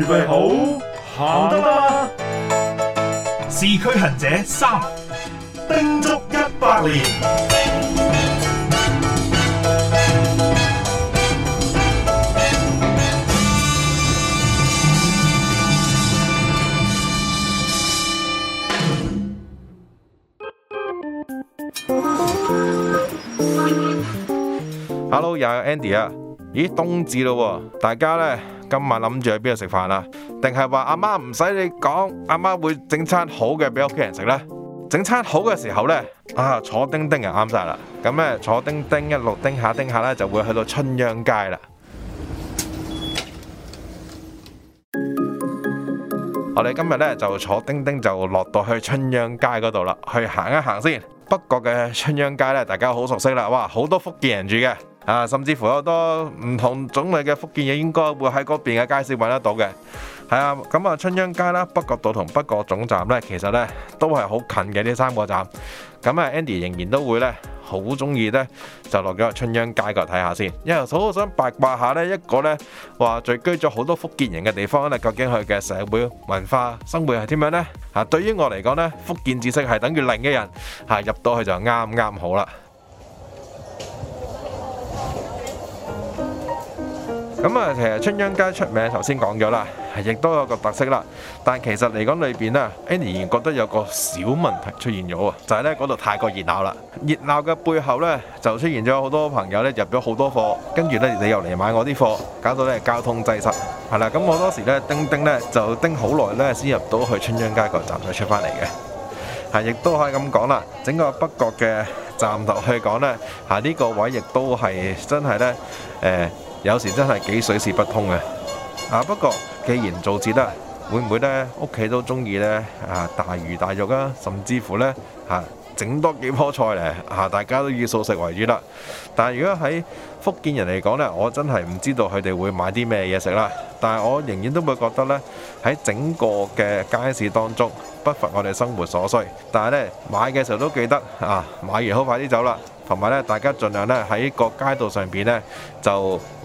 預備好，行得啦嘛？是驅行者三叮足一百年。Hello，又係 Andy 啊！咦，冬至咯，大家咧。今晚諗住去邊度食飯啊？定係話阿媽唔使你講，阿媽會整餐好嘅俾屋企人食呢？整餐好嘅時候呢，啊坐叮叮就啱曬啦。咁、嗯、呢坐叮叮一路叮下叮下呢，就會去到春秧街啦。 我哋今日呢，就坐叮叮就落到去春秧街嗰度啦，去行一行先。北角嘅春秧街呢，大家好熟悉啦。哇，好多福建人住嘅。啊，甚至乎有好多唔同種類嘅福建嘢，應該會喺嗰邊嘅街市揾得到嘅。係啊，咁啊，春秧街啦、北角道同北角總站咧，其實咧都係好近嘅呢三個站。咁啊，Andy 仍然都會咧好中意咧就落咗春秧街嗰度睇下先，因為好想八卦下咧一個咧話聚居咗好多福建人嘅地方咧，究竟佢嘅社會文化生活係點樣咧？吓，對於我嚟講咧，福建知識係等於零嘅人，吓入到去就啱啱好啦。咁啊，其實春秧街出名，頭先講咗啦，亦都有個特色啦。但其實嚟講，裏邊咧，any 覺得有個小問題出現咗喎，就係呢嗰度太過熱鬧啦。熱鬧嘅背後呢，就出現咗好多朋友呢入咗好多貨，跟住呢，你又嚟買我啲貨，搞到呢交通擠塞，係啦。咁好多時呢，叮叮呢就叮好耐呢，先入到去春秧街個站再出返嚟嘅。係，亦都可以咁講啦。整個北角嘅站頭去講呢，係、啊、呢、呢個位亦都係真係呢。誒、呃。有時真係幾水泄不通嘅。啊，不過既然做節啦，會唔會呢，屋企都中意呢，啊，大魚大肉啊，甚至乎呢，啊整多幾棵菜嚟，啊，大家都以素食為主啦。但係如果喺福建人嚟講呢，我真係唔知道佢哋會買啲咩嘢食啦。但係我仍然都會覺得呢，喺整個嘅街市當中不乏我哋生活所需。但係呢，買嘅時候都記得啊，買完好快啲走啦。同埋咧，大家儘量咧喺個街道上邊咧，就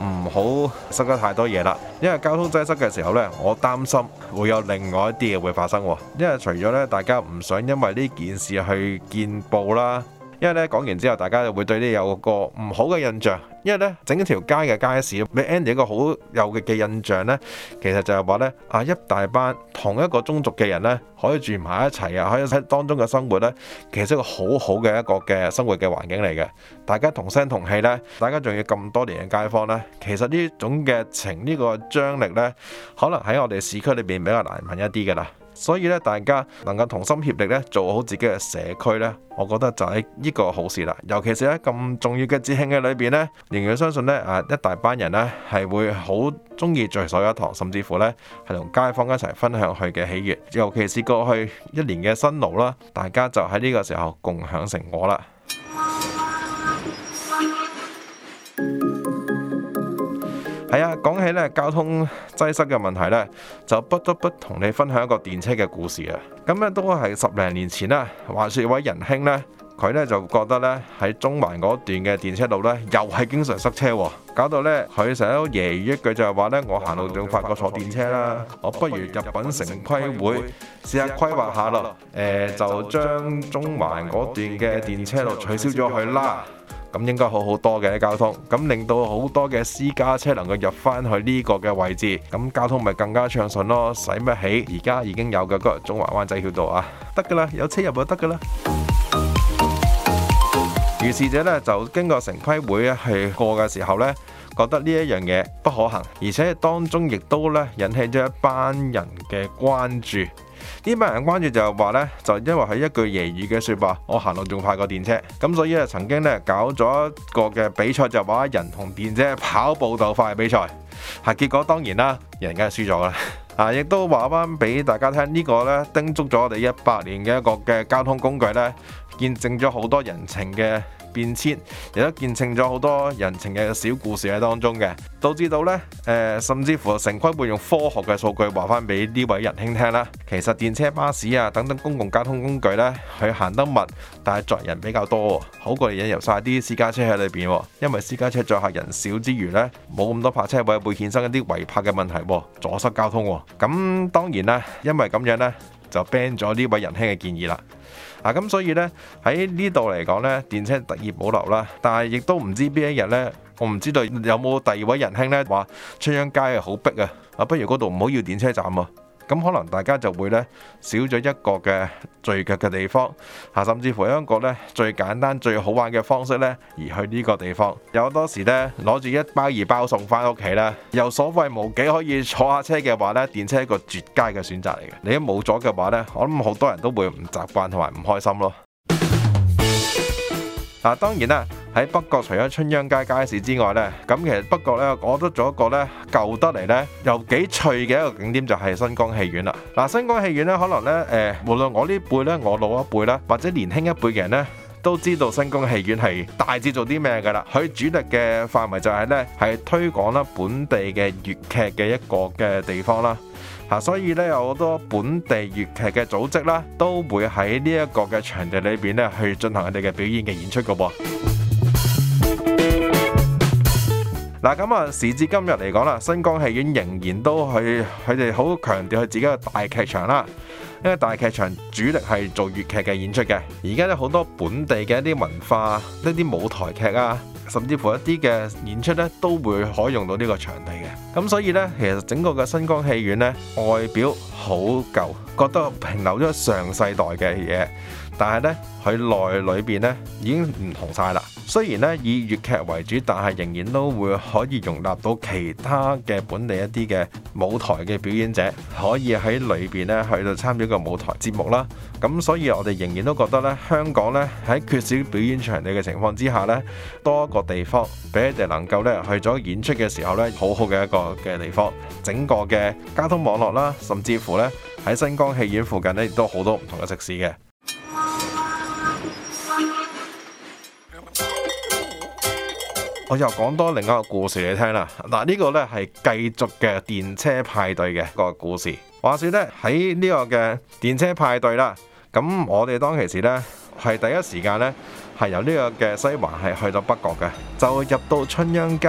唔好塞得太多嘢啦。因為交通擠塞嘅時候咧，我擔心會有另外一啲嘢會發生喎。因為除咗咧，大家唔想因為呢件事去見報啦。因為咧講完之後，大家就會對呢有個唔好嘅印象。因為呢，整條街嘅街市，你 Andy 一個好有嘅印象呢，其實就係話呢，啊一大班同一個宗族嘅人呢，可以住埋一齊啊，可以喺當中嘅生活呢，其實一個好好嘅一個嘅生活嘅環境嚟嘅。大家同聲同氣呢，大家仲要咁多年嘅街坊呢，其實呢種嘅情呢、呢個張力呢，可能喺我哋市區裏邊比較難聞一啲噶啦。所以咧，大家能夠同心協力咧，做好自己嘅社區咧，我覺得就係呢個好事啦。尤其是喺咁重要嘅節慶嘅裏邊咧，我相信咧啊，一大班人咧係會好中意聚首一堂，甚至乎咧係同街坊一齊分享佢嘅喜悅，尤其是過去一年嘅辛勞啦，大家就喺呢個時候共享成果啦。 係啊，講起咧交通，擠塞嘅問題呢，就不得不同你分享一個電車嘅故事啊。咁咧都係十零年前啦。話說一位仁兄呢，佢呢就覺得呢喺中環嗰段嘅電車路呢又係經常塞車，搞到呢，佢成日都揶揄一句，就係話呢：「我行路仲快過坐電車啦。我不如入品城規會試下規劃下咯。誒、呃，就將中環嗰段嘅電車路取消咗佢啦。咁應該好好多嘅交通，咁令到好多嘅私家車能夠入翻去呢個嘅位置，咁交通咪更加暢順咯。使乜起？而家已經有嘅嗰、那個中環灣仔繞道啊，得噶啦，有車入就得噶啦。於是 者咧就經過城規會去過嘅時候呢，覺得呢一樣嘢不可行，而且當中亦都呢引起咗一班人嘅關注。呢班人嘅關注就係話咧，就因為係一句揶揄嘅說話，我行路仲快過電車，咁所以啊曾經咧搞咗一個嘅比賽，就話、是、人同電車跑步鬥快嘅比賽，係、啊、結果當然啦，人梗係輸咗啦， 啊亦都話翻俾大家聽呢、呢個呢，叮足咗我哋一百年嘅一個嘅交通工具呢，見證咗好多人情嘅變遷，亦都見證咗好多人情嘅小故事喺當中嘅，導致到呢，誒、呃，甚至乎城規會用科學嘅數據話翻俾呢位仁兄聽啦。其實電車、巴士啊等等公共交通工具呢，佢行得密，但係載人比較多，好過嚟引入晒啲私家車喺裏邊，因為私家車載客人少之餘呢，冇咁多泊車位，會衍生一啲違泊嘅問題，阻塞交通。咁、嗯、當然啦，因為咁樣呢，就 ban 咗呢位仁兄嘅建議啦。嗱，咁、啊、所以呢，喺呢度嚟講呢，電車特意保留啦，但係亦都唔知邊一日呢，我唔知道有冇第二位仁兄呢，話，出張街啊好逼啊，啊不如嗰度唔好要電車站啊！咁可能大家就會咧少咗一個嘅聚腳嘅地方嚇、啊，甚至乎香港呢最簡單、最好玩嘅方式咧，而去呢個地方。有多時咧攞住一包二包送翻屋企咧，又所費無幾，可以坐下車嘅話咧，電車係一個絕佳嘅選擇嚟嘅。你一冇咗嘅話咧，我諗好多人都會唔習慣同埋唔開心咯。嗱、啊，當然啦。喺北角除咗春秧街街市之外咧，咁其實北角咧，我覺得做一個咧舊得嚟咧又幾趣嘅一個景點就係新光戲院啦。嗱，新光戲院咧，可能咧誒，無論我呢輩咧，我老一輩啦，或者年輕一輩嘅人咧，都知道新光戲院係大致做啲咩㗎啦。佢主力嘅範圍就係咧係推廣啦本地嘅粵劇嘅一個嘅地方啦。嚇，所以咧有好多本地粵劇嘅組織啦，都會喺呢一個嘅場地裏邊咧去進行佢哋嘅表演嘅演出㗎噃。嗱咁啊，時至今日嚟講啦，新光戲院仍然都去。佢哋好強調佢自己嘅大劇場啦。因為大劇場主力係做粵劇嘅演出嘅，而家咧好多本地嘅一啲文化、一啲舞台劇啊，甚至乎一啲嘅演出咧，都會可以用到呢個場地嘅。咁所以咧，其實整個嘅新光戲院咧，外表好舊，覺得係停留咗上世代嘅嘢，但係咧佢內裏邊咧已經唔同晒啦。雖然咧以粵劇為主，但係仍然都會可以容納到其他嘅本地一啲嘅舞台嘅表演者，可以喺裏邊咧去到參與個舞台節目啦。咁所以我哋仍然都覺得咧，香港咧喺缺少表演場地嘅情況之下咧，多一個地方俾你哋能夠咧去咗演出嘅時候咧，好好嘅一個嘅地方。整個嘅交通網絡啦，甚至乎咧喺新光戲院附近咧亦都好多唔同嘅食肆嘅。我又講多另一個故事你聽啦，嗱、啊、呢、這個呢係繼續嘅電車派對嘅，這個故事，話說呢，喺呢個嘅電車派對啦，咁我哋當其時呢，係第一時間呢，係由呢個嘅西環係去到北角嘅，就入到春秧街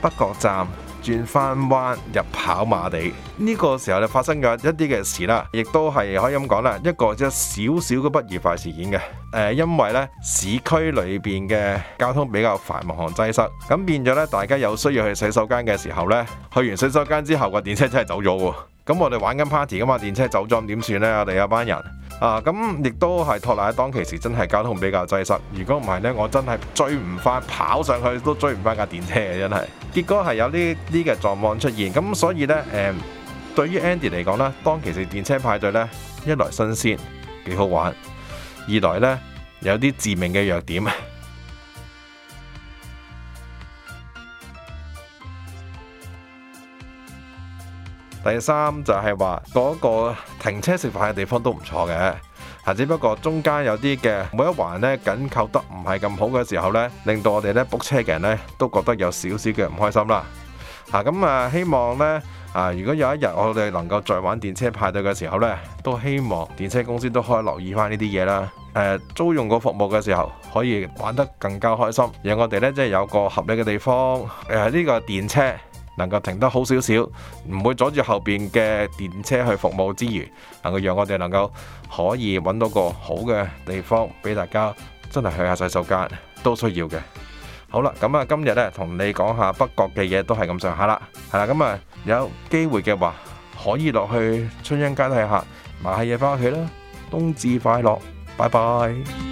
北角站。轉翻彎入跑馬地，呢、這個時候就發生嘅一啲嘅事啦，亦都係可以咁講啦，一個即係少少嘅不愉快事件嘅。誒、呃，因為呢市區裏邊嘅交通比較繁忙擠塞，咁變咗呢，大家有需要去洗手間嘅時候呢，去完洗手間之後個電車真係走咗喎。咁我哋玩緊 party 噶嘛，電車走裝點算呢？我哋一班人啊，咁亦都係托賴喺當其時真係交通比較擠塞。如果唔係呢，我真係追唔翻跑上去都追唔翻架電車嘅，真係。結果係有呢啲嘅狀況出現，咁所以呢，誒、嗯，對於 Andy 嚟講呢，當其時電車派對呢，一來新鮮幾好玩，二來呢，有啲致命嘅弱點。第三就係話嗰個停車食飯嘅地方都唔錯嘅，啊，只不過中間有啲嘅每一環呢緊扣得唔係咁好嘅時候呢，令到我哋呢 book 車嘅人呢都覺得有少少嘅唔開心啦。啊，咁啊希望呢，啊，如果有一日我哋能夠再玩電車派對嘅時候呢，都希望電車公司都可以留意翻呢啲嘢啦。誒、啊、租用個服務嘅時候可以玩得更加開心，而我哋呢即係、就是、有個合理嘅地方。誒、啊、呢、呢個電車，能夠停得好少少，唔會阻住後邊嘅電車去服務之餘，能夠讓我哋能夠可以揾到個好嘅地方俾大家。真係去下洗手間都需要嘅。好啦，咁啊，今日呢同你講下北角嘅嘢都係咁上下啦，係啦，咁啊有機會嘅話可以落去春秧街睇下買下嘢翻屋企啦。冬至快樂，拜拜。